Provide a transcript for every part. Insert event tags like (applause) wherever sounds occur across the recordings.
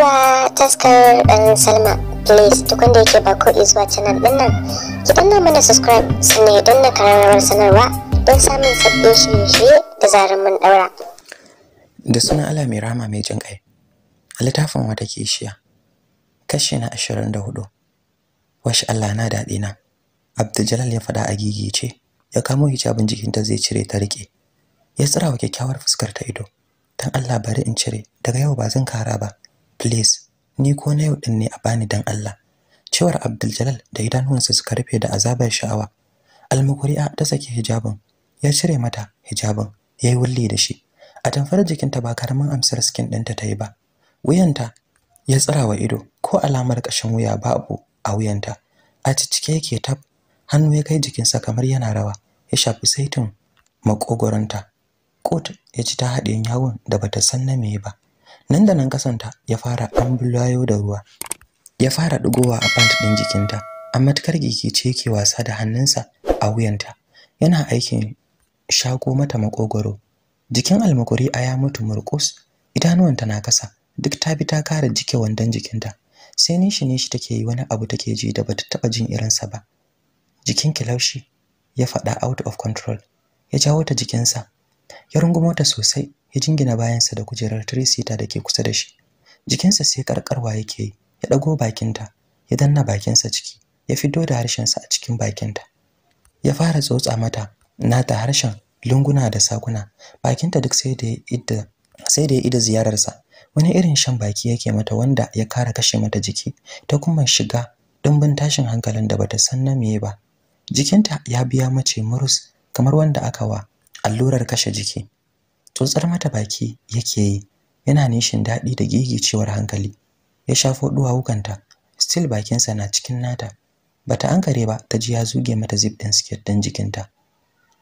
zuwa taskar dan salma please duk wanda yake ba ko zuwa canal din nan ki danna mana subscribe sannan ya danna kararrawar sanarwa don samun sabbin shirye-shirye da zarar mun daura da suna ala mai rama mai jin kai a littafin wata kishiya kashi na ashirin da hudu washe allah na daɗi na abdul ya faɗa a gigice ya kamo hijabin jikinta zai cire ta rike ya tsira wa kyakkyawar fuskar ta ido dan Allah bari in cire daga yau ba zan kara ba please ni ko na yau din ne a bani dan Allah cewar Abdul Jalal da idanunsa suka rufe da azabar sha'awa almukuri'a ta sake hijabin ya cire mata hijabin yayi wulli da shi a tamfar jikinta ba karaman amsar skin ɗinta ta yi ba wuyanta ya tsara wa ido ko alamar ƙashin wuya babu a wuyanta a cicike yake tab hannu ya kai jikinsa kamar yana rawa ya shafi saitin makogoranta kot ya ci ta haɗin yawon da bata san na me ba nan da nan kasanta ya fara ambulayo da ruwa ya fara ɗigowa a pant ɗin jikinta amma matukar giki ce yake wasa da hannunsa a wuyanta yana aikin shago mata makogoro jikin almakuri a ya mutu murkus idanuwanta na kasa duk ta bi ta kare jike wandon jikinta sai nishi nishi take yi wani abu take ji da bata taba jin irinsa ba jikin kilaushi ya faɗa out of control ya jawo ta jikinsa ya rungumo ta sosai ya jingina bayansa da kujerar tresita da ke kusa da shi jikinsa sai karkarwa yake yi ya ɗago bakinta ya danna bakinsa ciki ya fito da harshensa a cikin bakinta ya fara tsotsa mata nata harshen lunguna da sakuna bakinta duk sai da ya idda sai da ya ida ziyararsa wani irin shan baki yake mata wanda ya kara kashe mata jiki ta kuma shiga dimbin tashin hankalin da bata san na meye ba jikinta ya biya mace murus kamar wanda aka wa allurar kashe jiki Tsotsar mata baki yake yi, yana nishin daɗi da gigicewar hankali. Ya shafo duwawukanta, stil bakinsa na cikin nata. Bata ankare ba, ta ji ya zuge mata zip ɗin siket ɗin jikinta.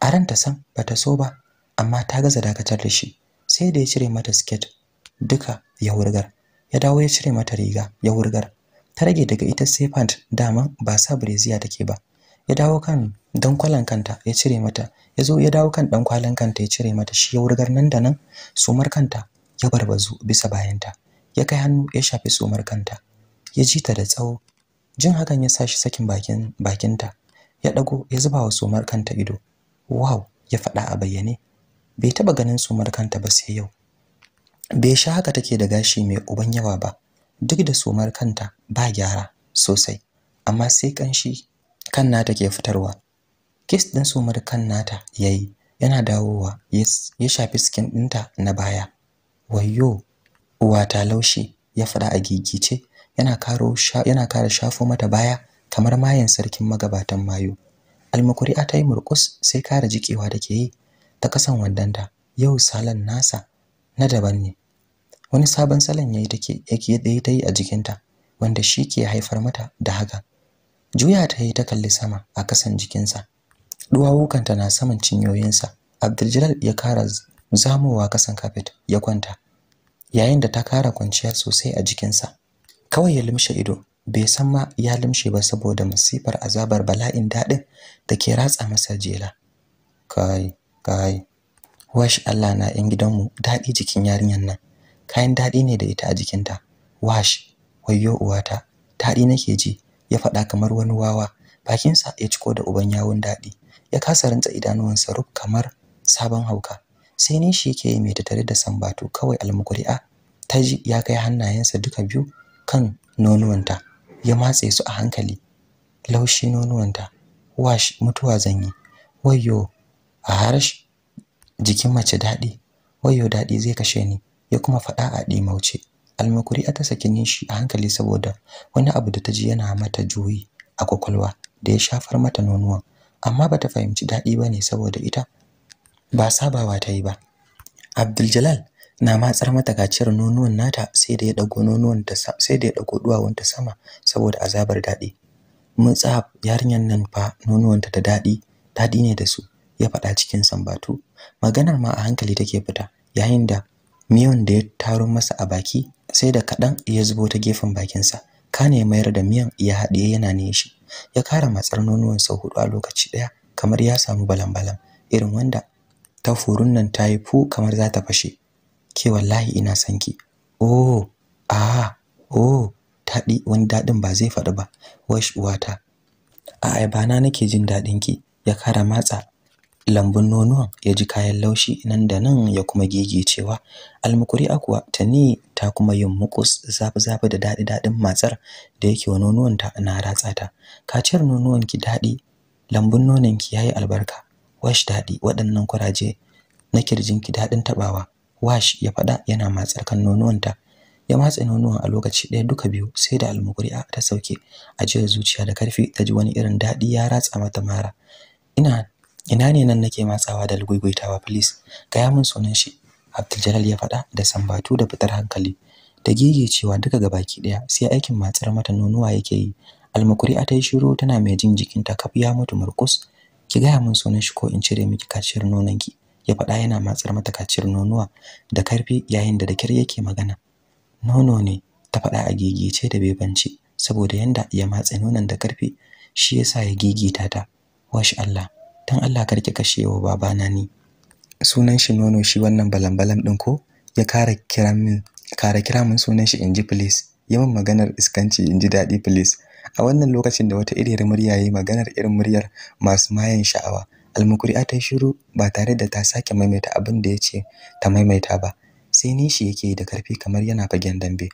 A san ba ta so ba, amma ta gaza dakatar da shi. Sai da ya cire mata siket duka ya wurgar. Ya dawo ya cire mata riga ya wurgar. Ta rage daga ita sai pant, dama ba sa breziya take ba. ya dawo kan dankwalan kanta ya cire mata ya zo ya dawo kan dankwalan kanta ya cire mata shi ya wurgar nan da nan sumar kanta ya barbazu bisa bayanta ya kai hannu ya shafi sumar kanta ya ji ta da tsawo jin hakan ya sa shi sakin bakin bakinta ya dago ya zuba wa sumar kanta ido wow ya faɗa a bayyane bai taba ganin sumar kanta ba sai yau bai sha haka take da gashi mai uban yawa ba duk da sumar kanta ba gyara sosai amma sai kanshi kan nata ke fitarwa kiss din sumar kan nata yayi yana dawowa ya shafi skin dinta na baya wayyo uwa ta laushi ya fada a gigice yana karo yana kare shafo mata baya kamar mayan sarkin magabatan mayu almakuri a tayi murkus sai kare jikewa dake yi ta kasan wandanta yau salon nasa na daban ne wani sabon salon yayi take yake a jikinta wanda shi ke haifar mata da haka juya ta yi ta kalli sama a kasan jikinsa duwawukanta na saman cinyoyinsa abdul ya kara zamowa kasan kafet ya kwanta yayin da ta kara kwanciya sosai a jikinsa kawai ya limshe ido bai san ma ya limshe ba saboda masifar azabar bala'in daɗin da ke ratsa masa jela kai kai wash Allah na 'yan gidanmu daɗi jikin yarinyar nan kayan daɗi ne da ita a jikinta wash wayyo uwata daɗi nake ji ya faɗa kamar wani wawa bakinsa ya ciko da uban yawon daɗi ya kasa rantsa idanuwansa rub kamar sabon hauka sai ne shi yake mai tattare da sambato kawai almukuri'a ta ji ya kai hannayensa duka biyu kan nonuwanta ya matse su a hankali laushi nonuwanta wash mutuwa zanyi wayo a harash jikin mace daɗi wayyo daɗi zai kashe ni ya kuma faɗa a ɗimauce almakuri a ta saki shi a hankali saboda wani abu da ta ji yana mata juyi a kwakwalwa da ya shafar mata nonuwa, amma ba ta fahimci daɗi ba ne saboda ita ba sabawa ta yi ba abdul na matsar mata gaciyar nonuwan nata sai da ya ɗago nonuwan ta sai da ya ɗago duwawun ta sama saboda azabar daɗi mutsaf yarinyar nan fa nonuwan ta da daɗi daɗi ne da su ya faɗa cikin sambatu maganar ma a hankali take fita yayin da miyon da ya taro masa a baki sai da kaɗan ya zubo ta gefen bakinsa kane mayar da miyan ya haɗiye yana ne shi ya kara matsar nonuwan sau hudu a lokaci ɗaya kamar ya samu balan-balan irin wanda ta furun nan ta yi fu kamar za ta fashe ke wallahi ina sanki ki oh ah oh taɗi wani daɗin ba zai faɗi ba wash uwata a na nake jin daɗin ki ya kara matsa lambun nonuwan ya ji kayan laushi nan da nan ya kuma gege cewa. almukuri akuwa ni ta kuma yin mukus zafi zafi da daɗi daɗin matsar da yake wa nonuwanta na ratsa ta kaciyar nonuwan ki daɗi lambun ki yayi albarka wash daɗi waɗannan kuraje na kirjin ki daɗin taɓawa wash ya faɗa yana matsar kan nonuwanta ya matse nonuwan a lokaci ɗaya duka biyu sai da almukuri ta sauke ajiyar zuciya da karfi ta ji wani irin daɗi ya ratsa mata mara ina ina ne nan nake matsawa da lugugutawa please gaya min sunan shi Abdul ya faɗa da sambatu da fitar hankali da cewa duka gabaki daya sai aikin matsar mata nonuwa yake yi almakuri a tai shiru tana mai jin jikinta kaf ya mutu murkus ki gaya min sunan shi ko in cire miki kaciyar ki. ya faɗa yana matsar mata kaciyar nonuwa da karfi yayin da da kyar yake magana nono ne ta faɗa a gigice da bebanci saboda yanda ya matsa nonon da karfi shi yasa ya gigita ta washi Allah dan Allah karki kashe wa babana ni sunan shi nono shi wannan balambalam din ko ya kara kira min kara kira min sunan shi inji please yawan maganar iskanci inji dadi please a wannan lokacin da wata iriyar murya yayi maganar irin muryar masu mayan sha'awa almukuri'a ta shiru ba tare da ta sake maimaita abin da yace ta maimaita ba sai ni shi yake da karfi kamar yana fagen dambe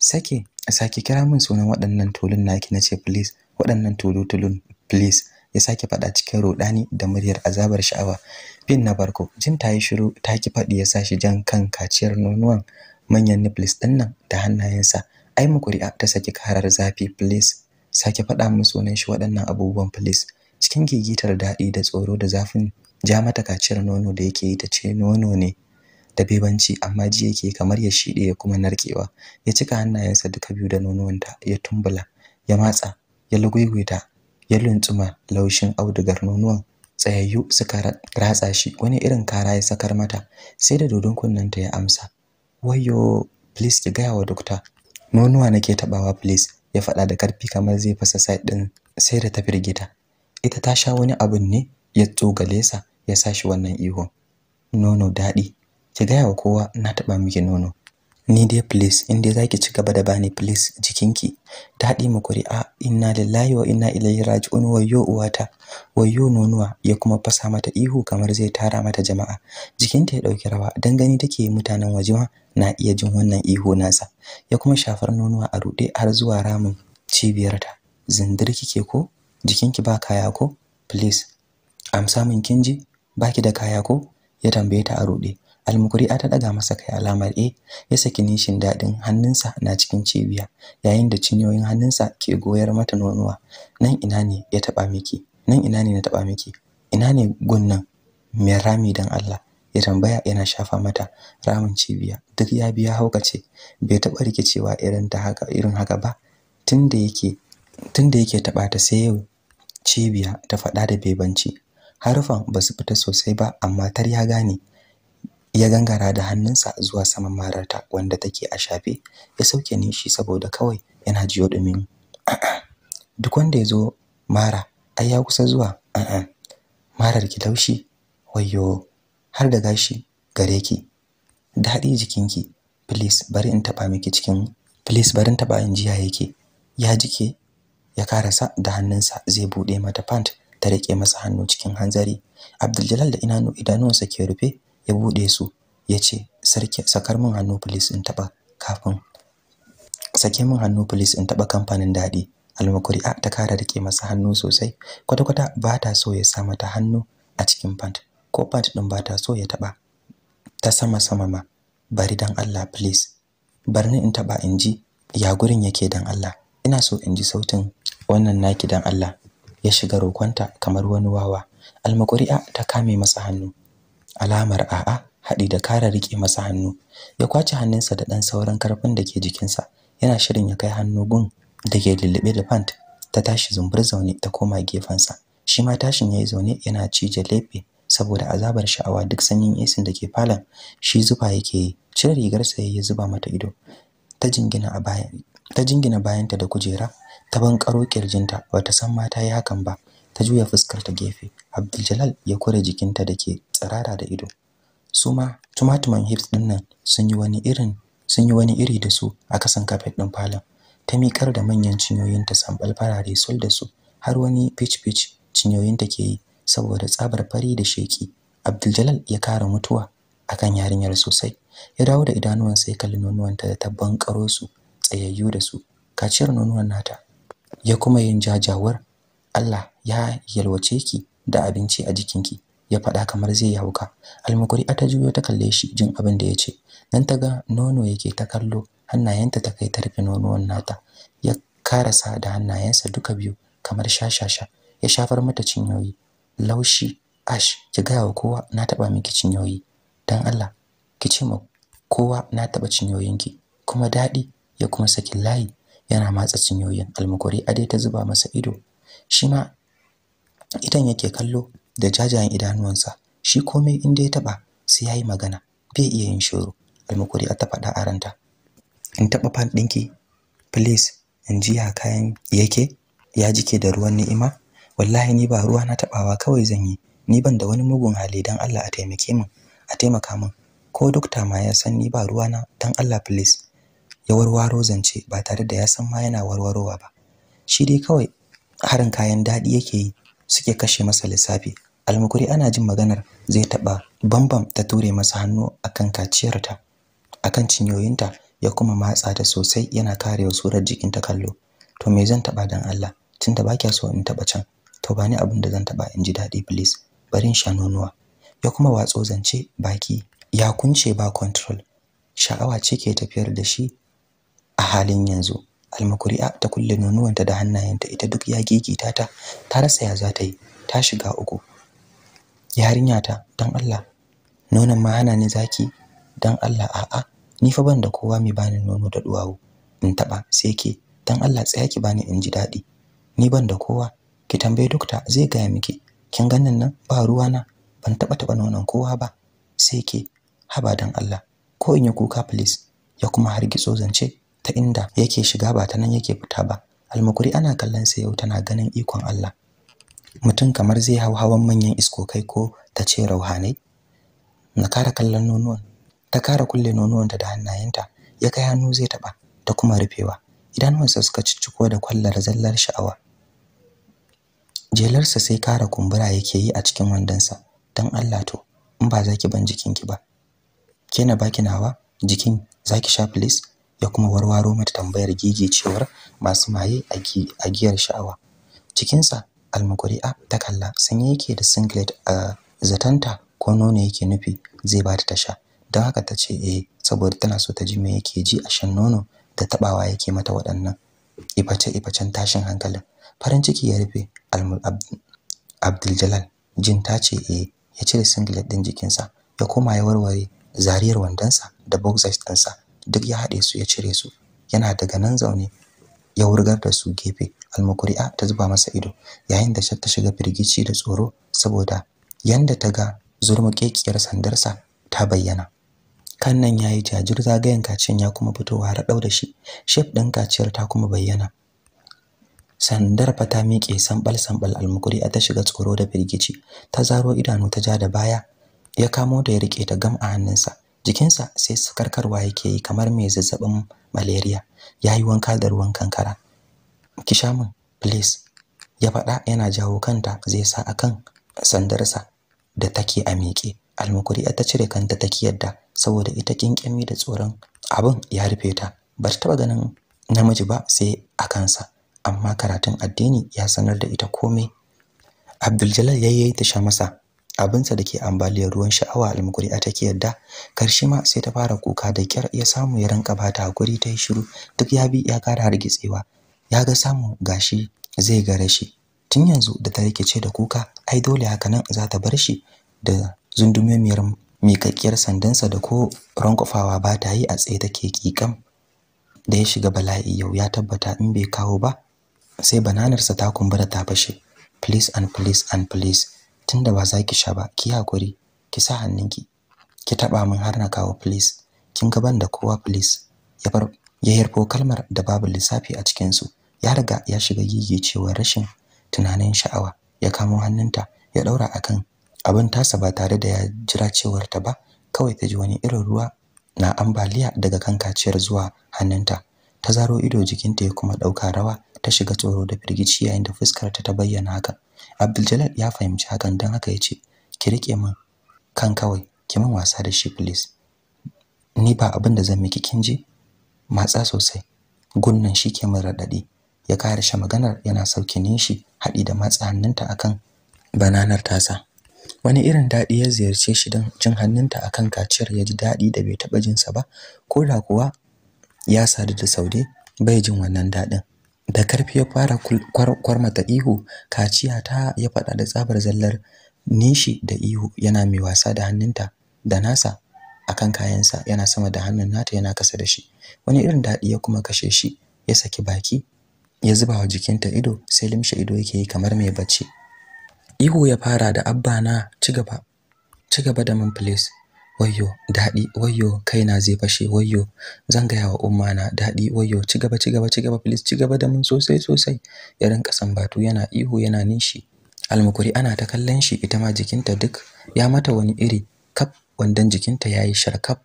sake sake kira min sunan waɗannan tulun naki nace please waɗannan tulutulun please ya sake faɗa cikin rudani da muryar azabar sha'awa fin na barko jin ta yi shiru ta ki faɗi ya sashi jan kan kaciyar nonuwan manyan nipples ɗin nan da hannayensa ai mu kuri'a ta saki karar zafi please sake faɗa min sunan shi waɗannan abubuwan please cikin gigitar daɗi da tsoro da zafin ja mata kaciyar nono da yake yi ta ce nono ne da bebanci amma ji yake kamar ya shiɗe ya kuma narkewa ya cika hannayensa duka biyu da nonuwanta ya tumbula ya matsa ya lugwigwita ya luntsuma laushin audugar nonuwan tsayayyu suka ratsa shi wani irin kara ya sakar mata sai da dodon kunnenta ya amsa wayo please ki gaya wa dokta nonuwa nake tabawa please ya faɗa da karfi kamar zai fasa side din sai da ta firgita ita ta sha wani abun ne ya tsogale sa ya sa shi wannan ihon nono daɗi ki gaya wa kowa na taɓa miki nono ni dai please in dai zaki ci gaba da bani please jikinki ta mu kuri'a inna lillahi wa inna ilaihi raji'un wayyo uwata wayyo nonuwa ya kuma fasa mata ihu kamar zai tara mata jama'a jikinta ya ɗauki rawa dan gani take mutanen waje ma na iya jin wannan ihu nasa ya kuma shafar nonuwa a rude har zuwa ramin cibiyarta zindir kike ko jikinki ba kaya ko please am samun kinji baki da kaya ko ya tambaye ta a rude. a ta daga masa kai alamar e ya saki nishin dadin hannunsa na cikin cibiya yayin da cinyoyin hannunsa ke goyar mata nonuwa nan ina ne ya taba miki nan ina ne na taba miki ina ne gunnan mai rami dan Allah ya tambaya yana shafa mata ramin cibiya duk ya biya haukace bai taba rikicewa irin ta haka irin haka ba tunda yake tunda yake taba ta sai yau cibiya ta fada da bebanci harufan ba su fita sosai ba amma tar ya gane ya gangara da hannunsa zuwa saman mararta wanda take a shafe ya sauke nishi saboda kawai yana jiyo dumin duk wanda ya zo mara ai ya kusa zuwa marar ki laushi wayyo har da gashi gare ki daɗi jikinki please bari in taba miki cikin please bari in taba jiya yake ya jike ya karasa da hannunsa zai buɗe mata pant ta rike masa hannu cikin hanzari Abdul da inanu idanunsa ke rufe ya buɗe su ya ce sakar min hannu police in taba kafin sake min hannu police in taɓa kamfanin daɗi almakuri a ta kara rike masa hannu sosai kwata-kwata ba ta so ya sa mata hannu a cikin pant ko pant ɗin ba ta so ya taba ta sama-sama ma bari dan Allah please barni in taba in ji ya gurin yake dan Allah ina so in ji sautin wannan naki dan Allah ya shiga rokonta kamar wani wawa almakuri'a ta kame masa hannu alamar a'a haɗi da kara riƙe masa hannu ya kwace hannunsa da ɗan sauran karfin da ke jikinsa yana shirin ya kai hannu gun da ke lullube da pant ta tashi zumbur zaune ta koma gefensa shi ma tashin ya yi zaune yana cije laifi saboda azabar sha'awa duk sanyin esin da ke falon shi zuba yake yi cire rigarsa ya zuba mata ido ta jingina a bayan ta jingina bayanta da kujera ta bankaro kirjinta bata san mata yi hakan ba ta juya fuskar ta gefe Abdul ya kore jikinta da ke tsirara da ido su ma tumatuman hips din nan sun yi wani irin sun yi wani iri da su a kasan kafet din falon ta mikar da manyan cinyoyinta sambal farare sul da su har wani pitch pitch cinyoyinta ke yi saboda tsabar fari da sheki Abdul ya kare mutuwa akan yarinyar sosai ya dawo da idanuwan sai kallon nonuwanta da ta bankaro su tsayayyu da su kaciyar nonuwan nata ya kuma yin jajawar Allah ya yalwace ki da abinci a jikinki ya faɗa kamar zai yi hauka almukuri ta juyo ta kalle shi jin abin da ya ce nan ta ga nono yake ta kallo hannayenta ta kai tarfe nonuwan nata ya karasa da hannayensa duka biyu kamar shashasha ya shafar mata cinyoyi laushi ash ki gaya wa kowa na taɓa miki cinyoyi dan Allah ki ce ma kowa na taɓa cinyoyinki kuma daɗi ya kuma saki layi yana matsa cinyoyin almukuri a dai ta zuba masa ido shi ma idan yake kallo da jajayen idanuwansa shi komai inda ya taba sai yayi magana bai iya yin shiru almukuri ta faɗa a ranta in taɓa fan ɗinki please in ji ya kayan yake ya jike da ruwan ni'ima wallahi ni ba ruwa na tabawa kawai zan yi ni ban da wani mugun hali dan Allah a taimake min a taimaka min ko dokta ma ya san ni ba ruwa na dan Allah please ya warwaro zance ba tare da ya san ma yana warwarowa ba shi dai kawai harin kayan daɗi yake yi suke kashe masa lissafi almukuri ana jin maganar zai taɓa bambam ta ture masa hannu akan kaciyarta akan cinyoyinta ya kuma matsa ta sosai yana karewa surar jikinta kallo to me zan taɓa dan Allah tunda ba kya so in taɓa can to ba ni abin da zan taɓa in ji daɗi please Barin sha nonuwa ya kuma watso zance baki ya kunce ba control sha'awa ce ke tafiyar da shi a halin yanzu almakuri'a ta kulle nonuwanta da hannayenta ita duk ya gege ta ta rasa ya za ta yi ta shiga uku yarinya ta dan Allah nonon ma hana ni zaki dan Allah a'a ni fa ban da kowa mai bani nono da duwawu in taba sai ke dan Allah tsaya ki bani in ji dadi ni ban da kowa ki tambaye dokta zai gaya miki kin ganin nan ba ruwa na ban taba taba nonon kowa ba sai ke haba dan Allah ko in yi kuka please ya kuma hargitso zance ta inda yake shiga ba ta nan yake fita ba almukuri ana kallon sa yau tana ganin ikon Allah mutum kamar zai hau hawan manyan isko kai ko ta ce rauhanai na kara kallon nonuwan ta kara kulle nonuwanta da hannayenta ya kai hannu zai taba ta kuma rufewa idanuwansa suka cicciko da kwallar zallar sha'awa jelarsa sai kara kumbura yake yi a cikin wandonsa don Allah to in ba za ki ban jikinki ba Kena na baki nawa jikin za ki sha please ya kuma warwaro mata tambayar gigi cewar masu maye a giyar sha'awa cikinsa almukuri'a ta kalla sanye yake da singlet a zatanta ko nono yake nufi zai ba ta sha don haka ta ce eh saboda tana so ta ji me yake ji a shan nono da tabawa yake mata waɗannan iface ifacen tashin hankalin farin ciki ya rufe abdul jin ta ce eh ya cire singlet ɗin jikinsa ya koma ya warware zariyar wandonsa da boxers ɗinsa duk ya haɗe su ya cire su yana daga nan zaune ya wurgar da su gefe almukuri'a ta zuba masa ido yayin da ta shiga firgici da tsoro saboda yanda ta ga zurmuƙeƙiyar sandarsa ta bayyana kan nan yi jajir zagayen kacin ya kuma fitowa raɗau da shi shef ɗin kaciyar ta kuma bayyana sandar fa ta miƙe sambal sambal almukuri'a ta shiga tsoro da firgici ta zaro idanu ta ja da baya ya kamo da ya rike ta gam a hannunsa jikinsa sai sakarkarwa yake yi kamar mai zazzabin malaria ya yi wanka da ruwan kankara ki sha min please ya faɗa yana jawo kanta zai sa a kan sandarsa da take a miƙe almukuri ta cire kanta take yadda saboda ita kinkimi da tsoron abin ya rufe ta ba ta taba ganin namiji ba sai a kansa amma karatun addini ya sanar da ita komai Abdul Jalal yi ta sha masa abinsa da ke ambaliyar ruwan sha'awa a take yadda karshe ma sai ta fara kuka da kyar ya samu ya rinka bata hakuri ta yi shiru duk ya bi ya kara hargitsewa ya ga samu gashi zai ga rashi tun yanzu da ta rikice da kuka ai dole haka nan za ta bar shi da zundumemiyar mikakkiyar sandansa da ko rankwafawa ba ta yi a tsaye take kikam da ya shiga bala'i yau ya tabbata in bai kawo ba sai bananarsa ta kumbura ta fashe please and please and please tunda ba za ki sha ba ki hakuri ki sa hannunki ki taba min har na kawo please kin ga banda kowa please ya bar ya yarfo kalmar da babu lissafi a cikin su ya riga ya shiga gigicewar rashin tunanin sha'awa ya kamo hannunta ya daura akan abin tasa ba tare da ya jira cewar ta ba kawai ta ji wani irin ruwa na ambaliya daga kan kaciyar zuwa hannunta ta zaro ido jikinta ya kuma dauka rawa ta shiga tsoro da firgici yayin da fuskar ta ta bayyana hakan. Abdul ya fahimci hakan don haka ya ce ki rike min kan kawai ki min wasa da shi please ni ba abin da zan miki kin ji matsa sosai gunnan shi ke min radadi ya shi maganar yana sauke nishi haɗi da matsa hannunta akan bananar tasa wani irin daɗi ya ziyarce shi don jin hannunta akan kaciyar ya ji daɗi da bai taɓa jinsa ba ko da kuwa ya sadu da saude bai jin wannan daɗin da karfi ya fara kwarmata ihu kaciya ta ya faɗa da tsabar zallar nishi da ihu yana mai wasa da hannunta da nasa akan kayansa yana sama da hannun nata yana kasa da shi wani irin daɗi ya kuma kashe shi ya saki baki ya zuba wa jikinta ido sai limshe ido yake yi kamar mai bacci ihu ya fara da abba na ci gaba da min please wayyo daɗi wayyo kaina zai fashe wayyo zan gaya wa umma na daɗi wayyo ci gaba ci gaba ci gaba please ci gaba da mun sosai sosai ya rinka sambatu yana ihu yana nishi almukuri ana ta kallon shi ita ma jikinta duk ya mata wani iri kaf wandan jikinta yayi sharkaf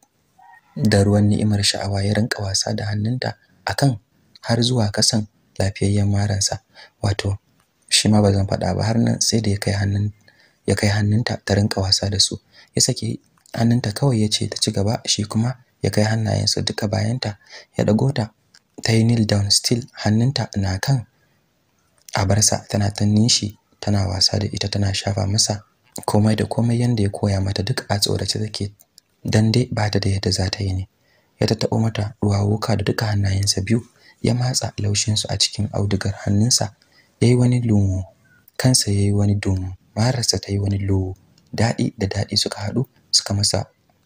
da ruwan ni'imar sha'awa ya rinka wasa da hannunta a kan har zuwa kasan lafiyayyen maransa wato shi ma zan faɗa ba har nan sai da ya kai ya kai hannunta ta rinka wasa da su ya sake hannunta kawai ya ce ta ci gaba shi kuma ya kai hannayensa duka bayanta ya ɗago ta ta yi kneel down still hannunta na kan abarsa tana ta nishi tana wasa da ita tana shafa masa komai da komai yanda ya koya mata duk a tsorace take dan dai ba ta da yadda za ta yi ne ya tattaɓo mata wuka da duka hannayensa biyu ya matsa laushinsu a cikin audugar hannunsa ya yi wani lumo kansa ya yi wani dumo mararsa ta yi wani luwo daɗi da daɗi suka haɗu suka masa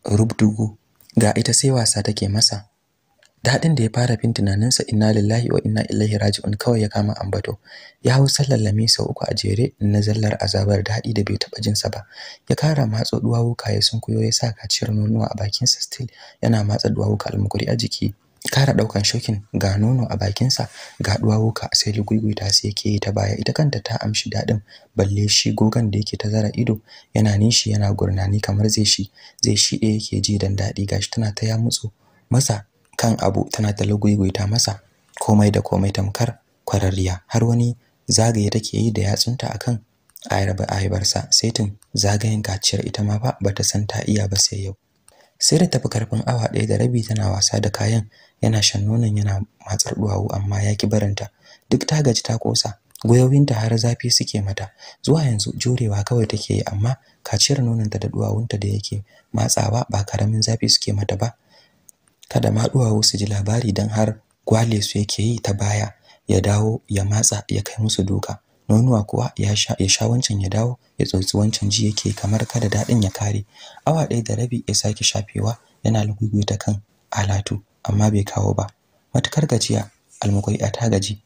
rubdugu ga ita sai wasa take masa dadin da ya fara fin tunaninsa inna lillahi wa inna ilaihi raji'un kawai ya kama ambato ya hau sallallami sau uku a jere na zallar azabar daɗi da bai taɓa jinsa ba ya kara matse duwawuka ya sunkuyo ya sa kaciyar nonuwa a bakinsa still yana matsa duwawuka almukuri a jiki kara daukan shokin ga nono a bakinsa ga duwawuka sai luguiguita sai yake ta baya ita kanta ta amshi dadin balle shi gogan da yake ta zara ido yana nishi yana gurnani kamar zai shi zai shi da yake ji dan dadi gashi tana ta ya mutsu masa kan abu tana ta luguiguita masa komai da komai tamkar kwararriya har wani zagaye take yi da yatsunta akan ayarba ayabarsa saitin zagayen kaciyar ita ma ba bata san ta iya ba sai yau sai da tafi karfin awa ɗaya da rabi tana wasa da kayan yana shan nonon yana matsar duwawu amma ya ki barinta duk ta gaji ta kosa goyoyinta har zafi suke mata zuwa yanzu jurewa kawai take yi amma kaciyar nononta da duwawunta da yake matsawa ba karamin zafi suke mata ba kada ma duwawu su ji labari dan har gwale su yake yi ta baya ya dawo ya matsa ya kai musu duka nonuwa kuwa ya sha ya sha wancan ya dawo ya tsotsi wancan ji yake kamar kada dadin ya kare awa ɗaya da rabi ya sake shafewa yana lugugu ta kan alatu amma bai kawo ba matukar gajiya a ta gaji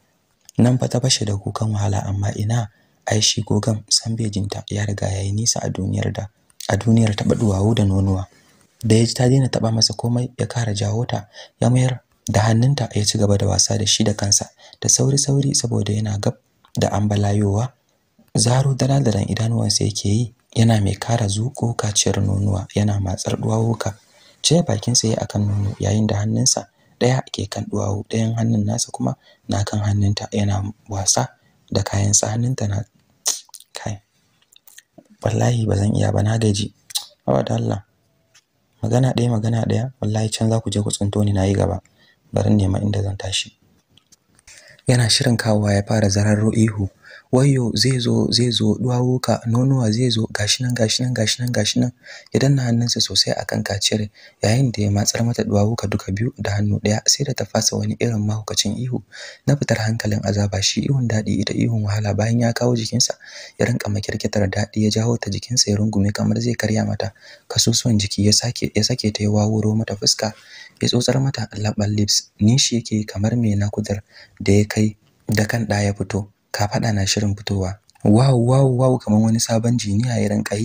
nan fa ta fashe da kukan wahala amma ina ai shi gogan san bai jinta ya riga yayi nisa a duniyar da a duniyar taba duwawu da nonuwa da ya ji ta daina taɓa masa komai ya kara jawo ta ya mayar da hannunta ya ci gaba da wasa da shi da kansa da sauri sauri saboda yana gab da ambalayowa zaro dalalaran idanuwansa yake yi yana mai kara zuƙo kaciyar nonuwa yana matsar duwawuka cire bakinsa ya akan nono yayin da hannunsa ɗaya ke kan duwawu ɗayan hannun nasa kuma na kan hannunta yana wasa da kayansa hannunta na kai wallahi ba zan iya ba na gaji hawa da Allah magana ɗaya magana ɗaya wallahi can za ku je ku tsinto ni nayi gaba barin nema inda zan tashi yana shirin kawowa ya fara zararro ihu wayo zai zo zai zo duwawuka nonuwa zai zo gashi nan gashi nan gashi nan gashi nan ya danna hannunsa sosai akan kaciyar yayin da ya matsar mata duwawuka duka biyu da hannu ɗaya sai da ta fasa wani irin mahaukacin ihu na fitar hankalin azaba shi ihun daɗi ita ihun wahala bayan ya kawo jikinsa ya rinka makirkitar daɗi ya jawo ta jikinsa ya rungume kamar zai karya mata kasusuwan jiki ya sake ya sake ta ya wawuro mata fuska ya tsotsar mata labban lips nishi yake kamar mai kudar da ya kai da kan ya fito ka faɗa na shirin fitowa wow wow wow kamar wani sabon jiniya ya rinka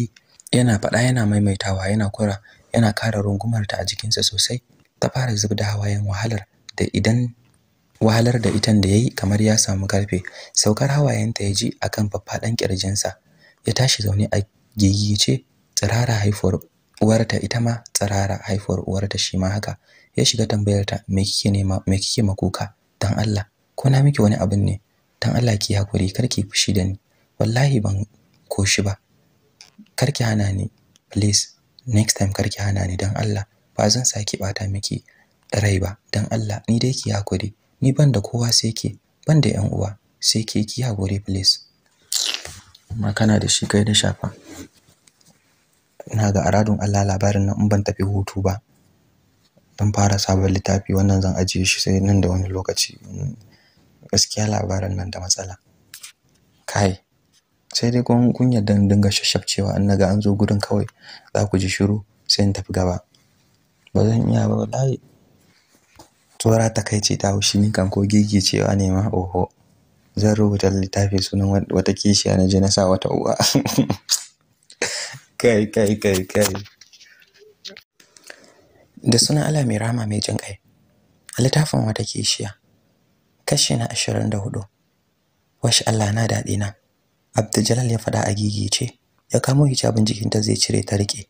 yana faɗa yana maimaitawa yana kura yana kara rungumar ta a jikinsa sosai ta fara zub da hawayen wahalar da idan wahalar da itan da yayi kamar ya samu karfe saukar hawayenta ya ji akan faffaɗan kirjinsa ya tashi zaune a gigice tsirara haifuwar uwarta ita ma tsirara haifuwar uwarta shi ma haka ya shiga tambayarta me kike nema me kike makuka dan Allah ko na miki wani abin ne dan Allah ki hakuri kar ki fushi da ni wallahi ban koshi ba kar ki hana ni please next time kar ki hana ni dan Allah ba zan saki bata miki rai ba dan Allah ni dai ki hakuri ni ban da kowa sai ke ban da yan uwa sai ke ki hakuri please amma kana da shi kai da shafa ina ga aradun Allah labarin nan in ban tafi hutu ba dan fara sabon littafi wannan zan ajiye shi sai nan da wani lokaci gaskiya labarin nan da matsala kai sai dai kun kunya dan dinga shashafcewa in naga an zo gurin kawai za ku ji shiru sai in tafi gaba ba zan iya ba wallahi tsora takaici ta haushi ni kan ko cewa ne ma oho zan rubuta littafi sunan wata kishiya na je na sa wata uwa (laughs) kai kai kai kai da sunan Allah mai rama mai jin kai a littafin wata kishiya kashi na ashirin da hudu. washi Allah na daɗi na Abdul ya faɗa a gigice ya kamo hijabin jikinta zai cire ta rike